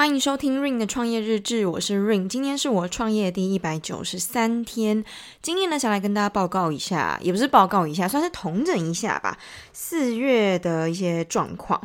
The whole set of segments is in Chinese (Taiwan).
歡迎收聽 Ring 的創業日誌，我是 Ring, 今天是我創業第一百九十三天，今天呢想來跟大家報告一下，也不是報告一下，算是統整一下吧，四月的一些狀況，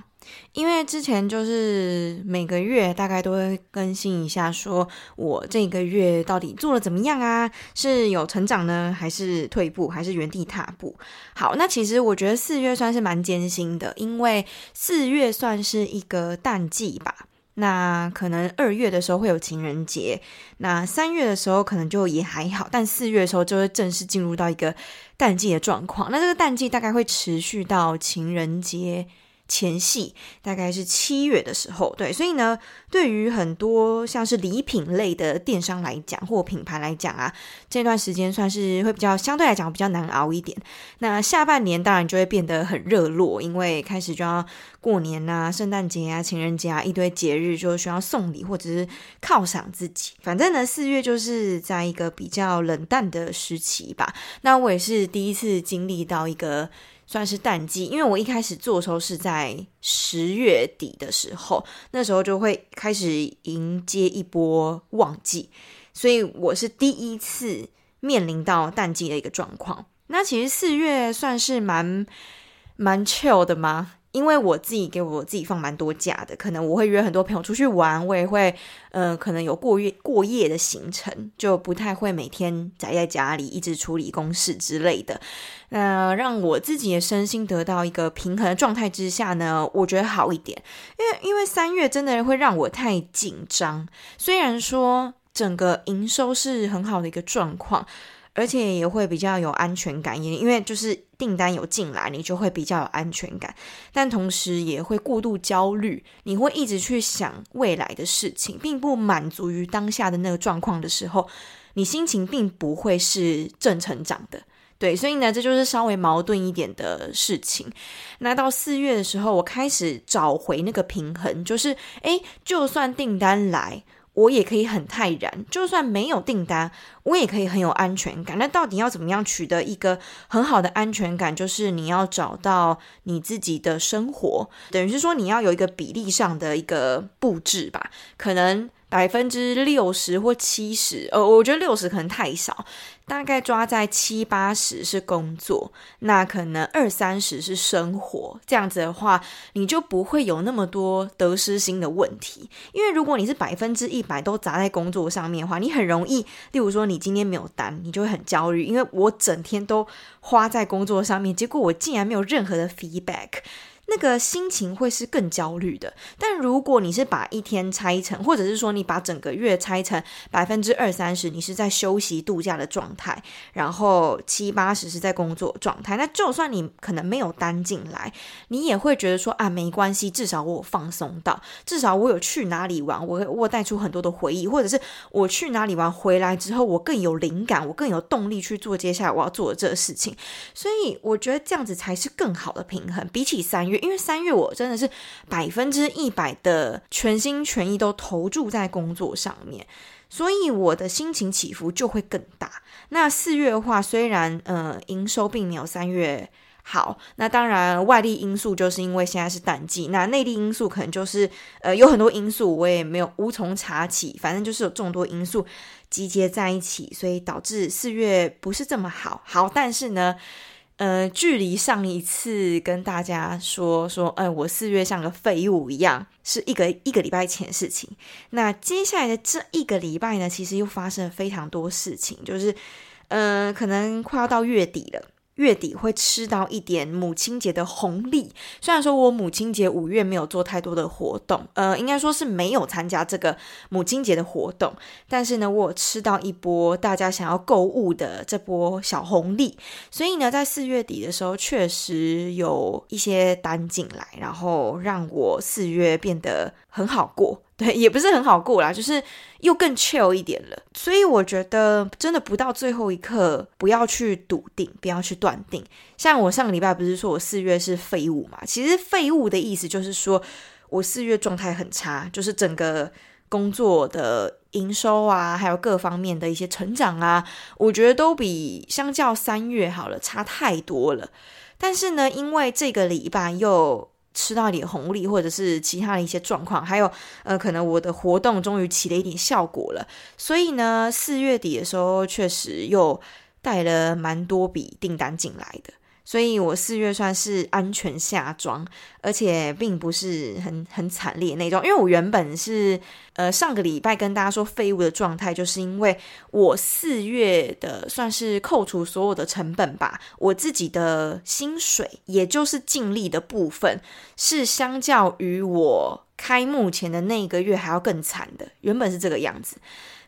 因為之前就是每個月大概都會更新一下，說我這個月到底做得怎麼樣啊？是有成長呢，還是退步，還是原地踏步？好，那其實我覺得四月算是蠻艱辛的，因為四月算是一個淡季吧。那可能二月的時候會有情人節，那三月的時候可能就也還好，但四月的時候就會正式進入到一個淡季的狀況。那這個淡季大概會持續到情人節。前戲大概是七月的時候，對，所以呢，對於很多像是禮品類的電商來講，或品牌來講啊，這段時間算是會比較相對來講會比較難熬一點。那下半年當然就會變得很熱絡，因為開始就要過年吶、聖誕節啊、情人節啊，一堆節日就需要送禮或者是犒賞自己。反正呢，四月就是在一個比較冷淡的時期吧。那我也是第一次經歷到一個。算是淡季，因為我一開始做的時候是在十月底的時候，那時候就會開始迎接一波旺季，所以我是第一次面臨到淡季的一個狀況。那其實四月算是蠻蠻 chill 的嗎？因為我自己給我自己放蠻多假的，可能我會約很多朋友出去玩，我也會，嗯、呃，可能有過夜過夜的行程，就不太會每天宅在家裡一直處理公事之類的。那讓我自己的身心得到一個平衡的狀態之下呢，我覺得好一點。因為因為三月真的會讓我太緊張，雖然說整個營收是很好的一個狀況。而且也會比較有安全感，也因為就是訂單有進來，你就會比較有安全感。但同時也會過度焦慮，你會一直去想未來的事情，並不滿足於當下的那個狀況的時候，你心情並不會是正成長的。對，所以呢，這就是稍微矛盾一點的事情。那到四月的時候，我開始找回那個平衡，就是誒，就算訂單來。我也可以很泰然，就算沒有訂單，我也可以很有安全感。那到底要怎麼樣取得一個很好的安全感？就是你要找到你自己的生活，等於是說你要有一個比例上的一個布置吧，可能。百分之六十或七十，呃，我覺得六十可能太少，大概抓在七八十是工作，那可能二三十是生活。這樣子的話，你就不會有那麼多得失心的問題。因為如果你是百分之一百都砸在工作上面的話，你很容易，例如說你今天沒有單，你就會很焦慮，因為我整天都花在工作上面，結果我竟然沒有任何的 feedback。那個心情會是更焦慮的，但如果你是把一天拆成，或者是說你把整個月拆成百分之二三十，你是在休息度假的狀態，然後七八十是在工作狀態，那就算你可能沒有單進來，你也會覺得說啊，沒關係，至少我有放鬆到，至少我有去哪裡玩，我我帶出很多的回憶，或者是我去哪裡玩回來之後，我更有靈感，我更有動力去做接下來我要做的這個事情，所以我覺得這樣子才是更好的平衡，比起三月。因為三月我真的是百分之一百，的全心全意都投注在工作上面，所以我的心情起伏就會更大。那四月的話，雖然呃營收並沒有三月好，那當然外力因素就是因為現在是淡季，那內力因素可能就是呃有很多因素，我也沒有無從查起，反正就是有眾多因素集結在一起，所以導致四月不是這麼好。好，但是呢。呃，距離上一次跟大家說說，哎、欸，我四月像個廢物一樣，是一個一個禮拜前的事情。那接下來的這一個禮拜呢，其實又發生了非常多事情，就是，呃，可能快要到月底了。月底會吃到一點母親節的紅利，雖然說我母親節五月沒有做太多的活動，呃，應該說是沒有參加這個母親節的活動，但是呢，我有吃到一波大家想要購物的這波小紅利，所以呢，在四月底的時候，確實有一些單進來，然後讓我四月變得很好過。對，也不是很好過啦。就是又更 chill 一點了。所以我覺得，真的不到最後一刻，不要去篤定，不要去斷定。像我上個禮拜不是說我四月是廢物嘛？其實廢物的意思就是說我四月狀態很差，就是整個工作的營收啊，還有各方面的一些成長啊，我覺得都比相較三月好了，差太多了。但是呢，因為這個禮拜又。吃到一點紅利，或者是其他的一些狀況，還有呃，可能我的活動終於起了一點效果了，所以呢，四月底的時候確實又帶了蠻多筆訂單進來的。所以我四月算是安全下莊，而且並不是很很慘烈的那種。因為我原本是，呃，上個禮拜跟大家說廢物的狀態，就是因為我四月的算是扣除所有的成本吧，我自己的薪水，也就是淨利的部分，是相較於我開幕前的那個月還要更慘的。原本是這個樣子，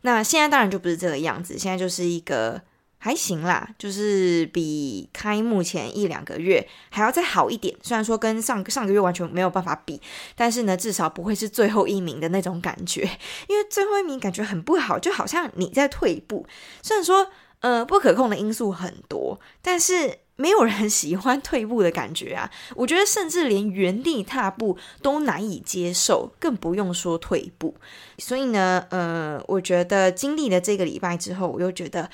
那現在當然就不是這個樣子，現在就是一個。還行啦，就是比開幕前一兩個月還要再好一點。雖然說跟上上個月完全沒有辦法比，但是呢，至少不會是最後一名的那種感覺。因為最後一名感覺很不好，就好像你在退步。雖然說，呃，不可控的因素很多，但是沒有人喜歡退步的感覺啊。我覺得，甚至連原地踏步都難以接受，更不用說退步。所以呢，呃，我覺得經歷了這個禮拜之後，我又覺得。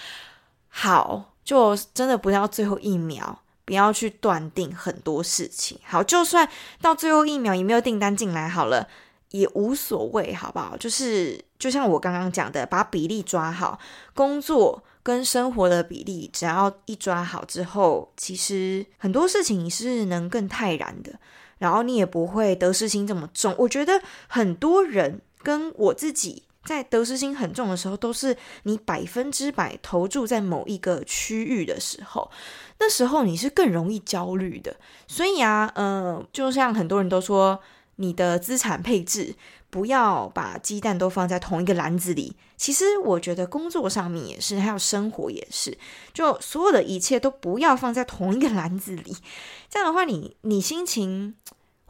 好，就真的不要最後一秒，不要去斷定很多事情。好，就算到最後一秒也沒有訂單進來，好了，也無所謂，好不好？就是就像我剛剛講的，把比例抓好，工作跟生活的比例，只要一抓好之後，其實很多事情你是能更泰然的，然後你也不會得失心這麼重。我覺得很多人跟我自己。在得失心很重的時候，都是你百分之百投注在某一個區域的時候，那時候你是更容易焦慮的。所以啊，嗯、呃，就像很多人都說，你的資產配置不要把雞蛋都放在同一個籃子裡。其實我覺得工作上面也是，還有生活也是，就所有的一切都不要放在同一個籃子裡。這樣的話你，你你心情。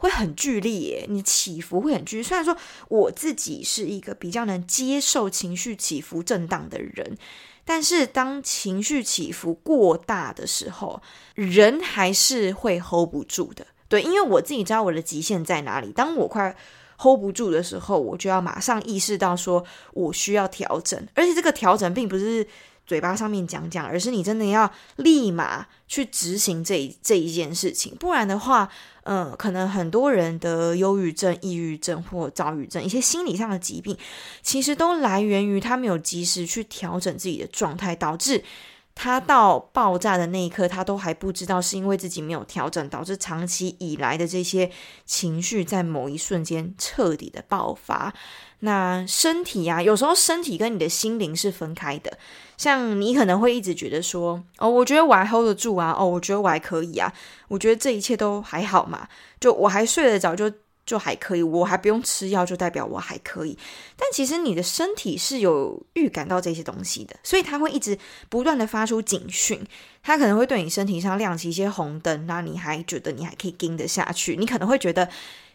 會很劇烈耶！你起伏會很劇烈。雖然說我自己是一個比較能接受情緒起伏震盪的人，但是當情緒起伏過大的時候，人還是會 hold 不住的。對，因為我自己知道我的極限在哪裡。當我快 hold 不住的時候，我就要馬上意識到說我需要調整，而且這個調整並不是。嘴巴上面講講，而是你真的要立馬去執行這一這一件事情，不然的話，嗯、呃，可能很多人得憂鬱症、抑鬱症或躁鬱症，一些心理上的疾病，其實都來源於他沒有及時去調整自己的狀態，導致。他到爆炸的那一刻，他都還不知道，是因為自己沒有調整，導致長期以來的這些情緒在某一瞬間徹底的爆發。那身體啊，有時候身體跟你的心靈是分開的。像你可能會一直覺得說，哦，我覺得我還 hold 得住啊，哦，我覺得我還可以啊，我覺得這一切都還好嘛，就我還睡得着就。就還可以，我還不用吃藥，就代表我還可以。但其實你的身體是有預感到這些東西的，所以他會一直不斷的發出警訊，他可能會對你身體上亮起一些紅燈。那你還覺得你還可以撐得下去？你可能會覺得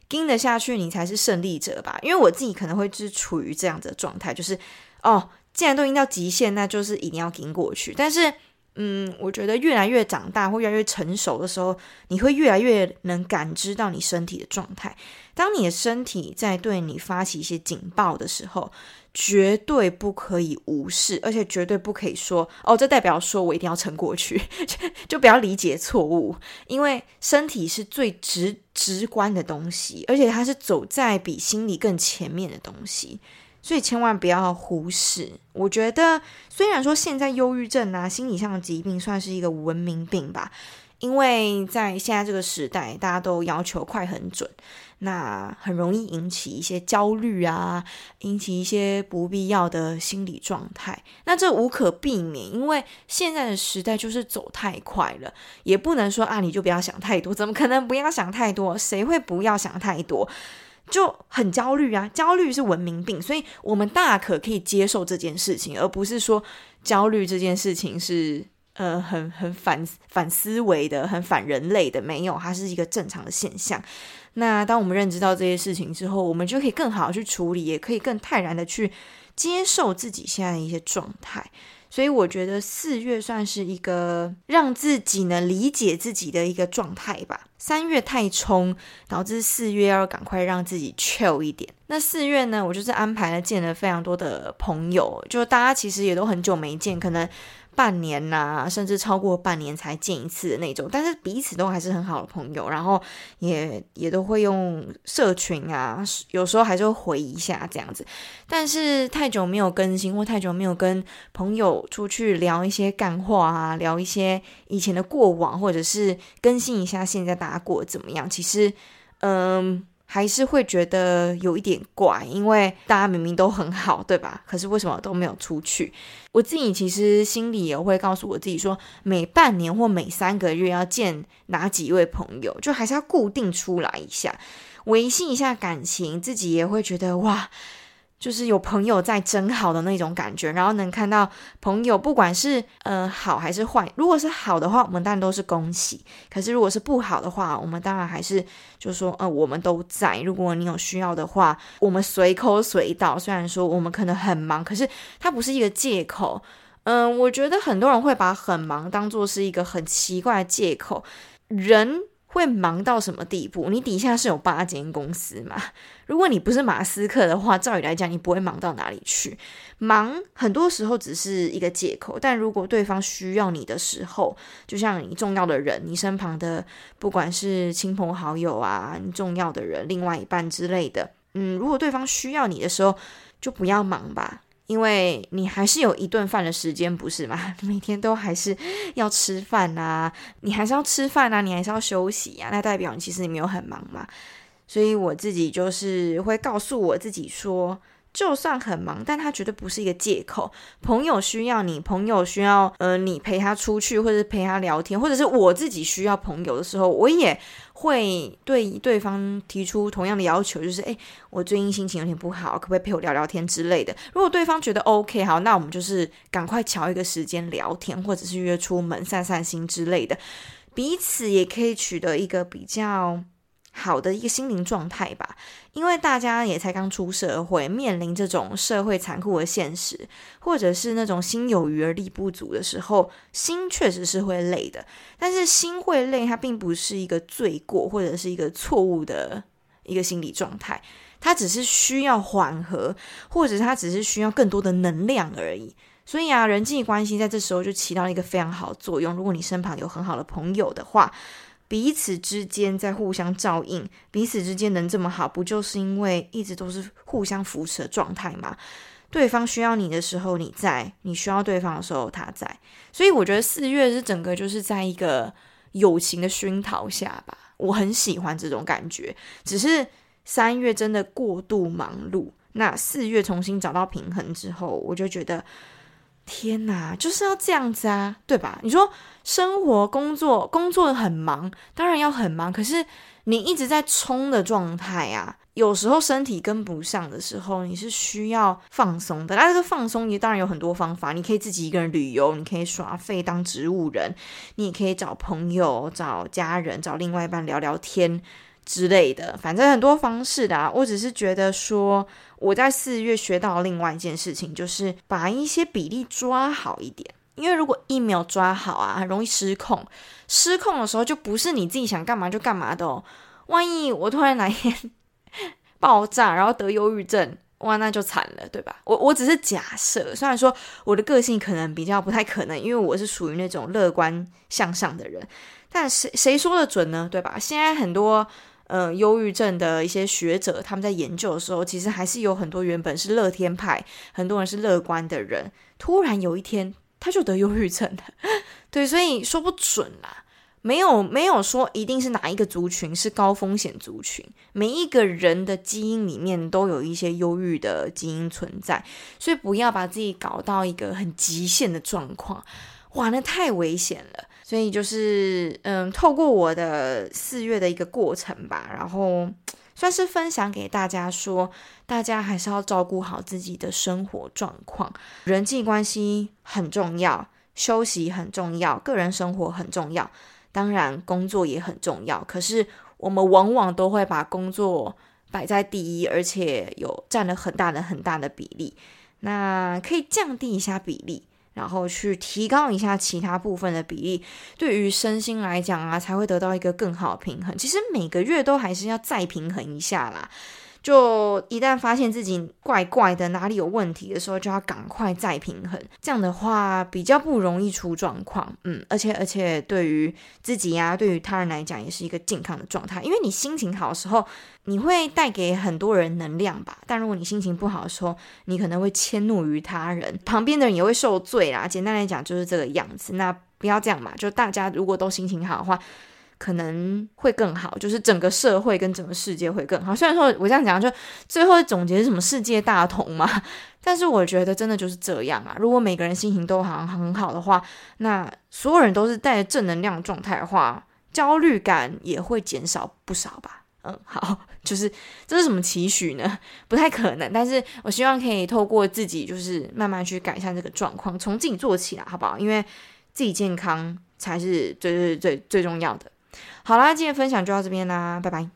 撐得下去，你才是勝利者吧？因為我自己可能會是處於這樣子的狀態，就是哦，既然都已經到極限，那就是一定要撐過去。但是嗯，我覺得越來越長大或越來越成熟的時候，你會越來越能感知到你身體的狀態。當你的身體在對你發起一些警報的時候，絕對不可以無視，而且絕對不可以說“哦，這代表說我一定要撐過去”，就，就不要理解錯誤，因為身體是最直直觀的東西，而且它是走在比心理更前面的東西。所以千萬不要忽視。我覺得，雖然說現在憂鬱症啊、心理上的疾病算是一個文明病吧，因為在現在這個時代，大家都要求快狠準，那很容易引起一些焦慮啊，引起一些不必要的心理狀態。那這無可避免，因為現在的時代就是走太快了，也不能說啊，你就不要想太多，怎麼可能不要想太多？誰會不要想太多？就很焦慮啊，焦慮是文明病，所以我們大可可以接受這件事情，而不是說焦慮這件事情是呃很很反反思維的、很反人類的。沒有，它是一個正常的現象。那當我們認知到這些事情之後，我們就可以更好去處理，也可以更泰然的去接受自己現在的一些狀態。所以我覺得四月算是一個讓自己能理解自己的一個狀態吧。三月太衝，導致四月要趕快讓自己 chill 一點。那四月呢，我就是安排了見了非常多的朋友，就大家其實也都很久沒見，可能半年啊，甚至超過半年才見一次的那種。但是彼此都還是很好的朋友，然後也也都會用社群啊，有時候還是會回一下這樣子。但是太久沒有更新，或太久沒有跟朋友出去聊一些乾話啊，聊一些以前的過往，或者是更新一下現在大家。打過怎麼樣？其實，嗯，還是會覺得有一點怪，因為大家明明都很好，對吧？可是為什麼都沒有出去？我自己其實心裡也會告訴我自己說，說每半年或每三個月要見哪幾位朋友，就還是要固定出來一下，維繫一下感情。自己也會覺得哇。就是有朋友在真好的那種感覺，然後能看到朋友不管是呃好還是壞，如果是好的話，我們當然都是恭喜；可是如果是不好的話，我們當然還是就是說呃我們都在。如果你有需要的話，我們隨口隨到。雖然說我們可能很忙，可是它不是一個借口。嗯、呃，我覺得很多人會把很忙當做是一個很奇怪的借口。人，會忙到什麼地步？你底下是有八間公司嘛？如果你不是馬斯克的話，照理來講，你不會忙到哪裡去。忙很多時候只是一個借口，但如果對方需要你的時候，就像你重要的人，你身旁的不管是親朋好友啊，你重要的人，另外一半之類的，嗯，如果對方需要你的時候，就不要忙吧。因為你還是有一頓飯的時間，不是嗎？每天都還是要吃飯啊，你還是要吃飯啊，你還是要休息呀。那代表你其實你沒有很忙嘛。所以我自己就是會告訴我自己說，就算很忙，但他絕對不是一個借口。朋友需要你，朋友需要呃，你陪他出去，或者是陪他聊天，或者是我自己需要朋友的時候，我也會對對方提出同樣的要求，就是誒，我最近心情有點不好，可不可以陪我聊聊天之類的？如果對方覺得 OK 好，那我們就是趕快敲一個時間聊天，或者是約出門散散心之類的，彼此也可以取得一個比較。好的一個心靈狀態吧，因為大家也才剛出社會，面臨這種社會殘酷的現實，或者是那種心有餘而力不足的時候，心確實是會累的。但是心會累，它並不是一個罪過或者是一個錯誤的一個心理狀態，它只是需要緩和，或者它只是需要更多的能量而已。所以啊，人際關係在這時候就起到了一個非常好的作用。如果你身旁有很好的朋友的話。彼此之間在互相照應，彼此之間能這麼好，不就是因為一直都是互相扶持的狀態嗎？對方需要你的時候你在，你需要對方的時候他在，所以我覺得四月是整個就是在一個友情的熏陶下吧，我很喜歡這種感覺。只是三月真的過度忙碌，那四月重新找到平衡之後，我就覺得。天吶，就是要這樣子啊，對吧？你說生活、工作、工作很忙，當然要很忙。可是你一直在衝的狀態啊，有時候身體跟不上的時候，你是需要放鬆的。那、啊、這個放鬆，你當然有很多方法。你可以自己一個人旅遊，你可以耍廢當植物人，你也可以找朋友、找家人、找另外一半聊聊天之類的。反正很多方式的、啊。我只是覺得說。我在四月學到另外一件事情，就是把一些比例抓好一點，因為如果一秒抓好啊，很容易失控。失控的時候，就不是你自己想幹嘛就幹嘛的哦。萬一我突然哪天爆炸，然後得憂鬱症，哇，那就慘了，對吧？我我只是假設，雖然說我的個性可能比較不太可能，因為我是屬於那種樂觀向上的人，但誰誰說的準呢？對吧？現在很多。嗯，憂鬱症的一些學者，他們在研究的時候，其實還是有很多原本是樂天派，很多人是樂觀的人，突然有一天他就得憂鬱症了。對，所以說不準啦，沒有沒有說一定是哪一個族群是高風險族群，每一個人的基因裡面都有一些憂鬱的基因存在，所以不要把自己搞到一個很極限的狀況，哇，那太危險了。所以就是，嗯，透過我的四月的一個過程吧，然後算是分享給大家說，說大家還是要照顧好自己的生活狀況，人際關係很重要，休息很重要，個人生活很重要，當然工作也很重要。可是我們往往都會把工作擺在第一，而且有佔了很大的很大的比例，那可以降低一下比例。然後去提高一下其他部分的比例，對於身心來講啊，才會得到一個更好的平衡。其實每個月都還是要再平衡一下啦。就一旦發現自己怪怪的，哪裡有問題的時候，就要趕快再平衡。這樣的話比較不容易出狀況，嗯，而且而且對於自己呀、啊，對於他人來講也是一個健康的狀態。因為你心情好的時候，你會帶給很多人能量吧。但如果你心情不好的時候，你可能會遷怒於他人，旁邊的人也會受罪啦。簡單來講就是這個樣子。那不要這樣嘛，就大家如果都心情好的話。可能會更好，就是整個社會跟整個世界會更好。雖然說我這樣講，就最後總結是什麼世界大同嘛，但是我覺得真的就是這樣啊。如果每個人心情都好像很好的話，那所有人都是帶着正能量狀態的話，焦慮感也會減少不少吧。嗯，好，就是這是什麼期許呢？不太可能，但是我希望可以透過自己，就是慢慢去改善這個狀況，從自己做起來，好不好？因為自己健康才是最最最最重要的。好啦，今天分享就到這邊啦，拜拜。